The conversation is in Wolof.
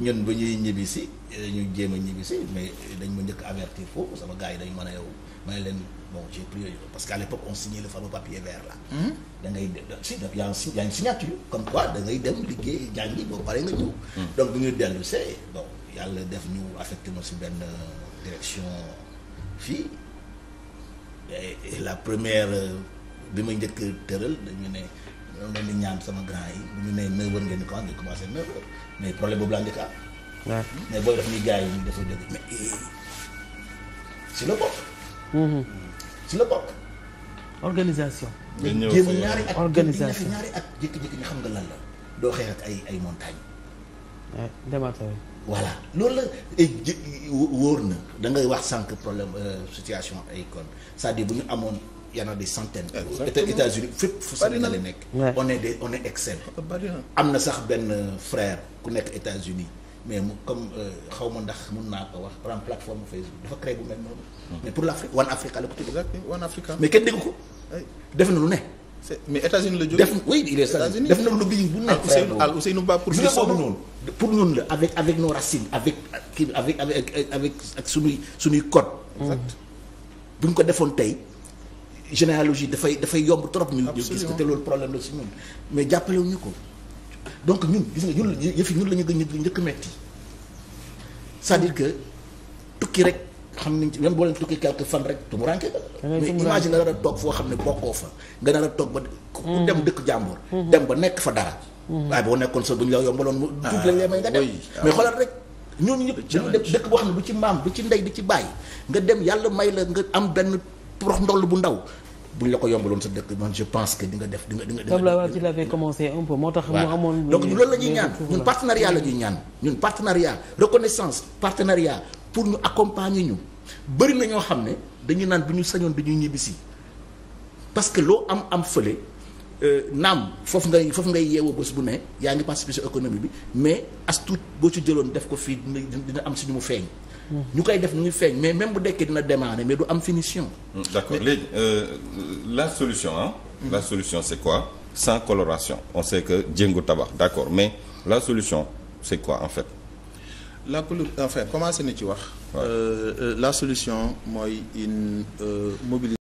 ñun ba ñuy ñibbisi ñu jéem a ñibbisi mais dañ ma njëkk avertir foofu sama gars yi dañ man a yow ma ne leen bon j'ai pris parce qu'à l'époque on signait le fameux papier vert là. Hmm? da ngay si y a y a une signature comme quoi da ngay dem liggéey jàngi boo pare nga ñëw. Hmm. donc bu ñu dellu see bon yàlla def ñu affecté ma si benn direction fii la première euh, bi ma njëkk tëral dañu ne. loolu la ñaan sama grand yi bu ñu nee neuf heures ngeen di commencé ngeen commencé neuf heures mais problème boobu laa njëkk a am. mais booy def ni gars yi ñu dafa jóg mais si la bokk. si la bokk. organisation. nga ñëw fa xam nga lan la doo xeex ak ay ay montagne waaw demaatoo loolu la eh, wóor na da ngay wax sànq problème euh, situation ay kon cest à bu ñu amoon. y en a des centaines. exactement États-Unis fépp fu Sénégalais nekk. on est des on est excellent. am na sax benn frère ku nekk États-Unis mais mu comme euh, xaw ma ndax mun naa ko wax par exemple plateforme Facebook dafa créé bu mel noonu. Hmm. mais pour l' Afrique One Africa la ko tudd. exactement One Africa. mais kenn dégg ko. def na lu ne. mais États-Unis la jógee def oui il est États-Unis def na lu bii bu nekk. al Ousseynou Ba pour. noonu. pour ñun la avec avec nos racines avec kii avec avec ak suñuy suñuy code. exact hmm. bu ñu ko defoon tey. généalogie dafay dafay yomb trop ñu ñu gis ko te loolu problème la si ñun mais jàppalewuñu ko donc ñun gis nga yëfi ñun la ñu gën a njëkk metti c'est-à-dire que tukki ci même boo leen tukki quelque fan rek tumuraanke la nga nar a toog foo xam ne bokkoo fa nga nar a toog ba ku dem mm-hmm. dëkk jàmbur mm-hmm. dem ba nekk fa dara mm-hmm. waaye boo nekkoon sa bu ñu la yombaloon mu tuut ah, la lee may nga dem ah mais xoolal rek ñooñu ñëpp dañu dëkk boo xam ne du ci maam du ci ndey du ci bàyyi nga dem yàlla may la nga am benn pour ndoll bu ndaw bu ñu la ko yombaloon sa dëkk man je pense que di nga def di nga di nga. Abdoulaye Wade il avait commencé un peu moo tax. mu amoon donc loolu la ñuy ñaan ñun partenariat la ñuy ñaan ñun partenariat pour ñu accompagner ñu bëri na ñoo xam ne dañu naan bu ñu sañoon dañuy ñibbisi parce que loo am am fële euh, naam foofu ngay foofu ngay yeewoo bés bu ne yaa ngi participé ci économie bi mais as boo ci jëloon def ko fii dina dina am si ñu mu feeñ. ñu koy def ñuy feeñ mais même bu dekkee dina démarrer mais du am finition. Mm, d'accord léegi euh, euh, la solution ah. la solution c'est quoi sans coloration on sait que jéngu tabax d'accord mais la solution c'est quoi en fait. la colo enfin commencé na ci wax. Euh, la solution mooy une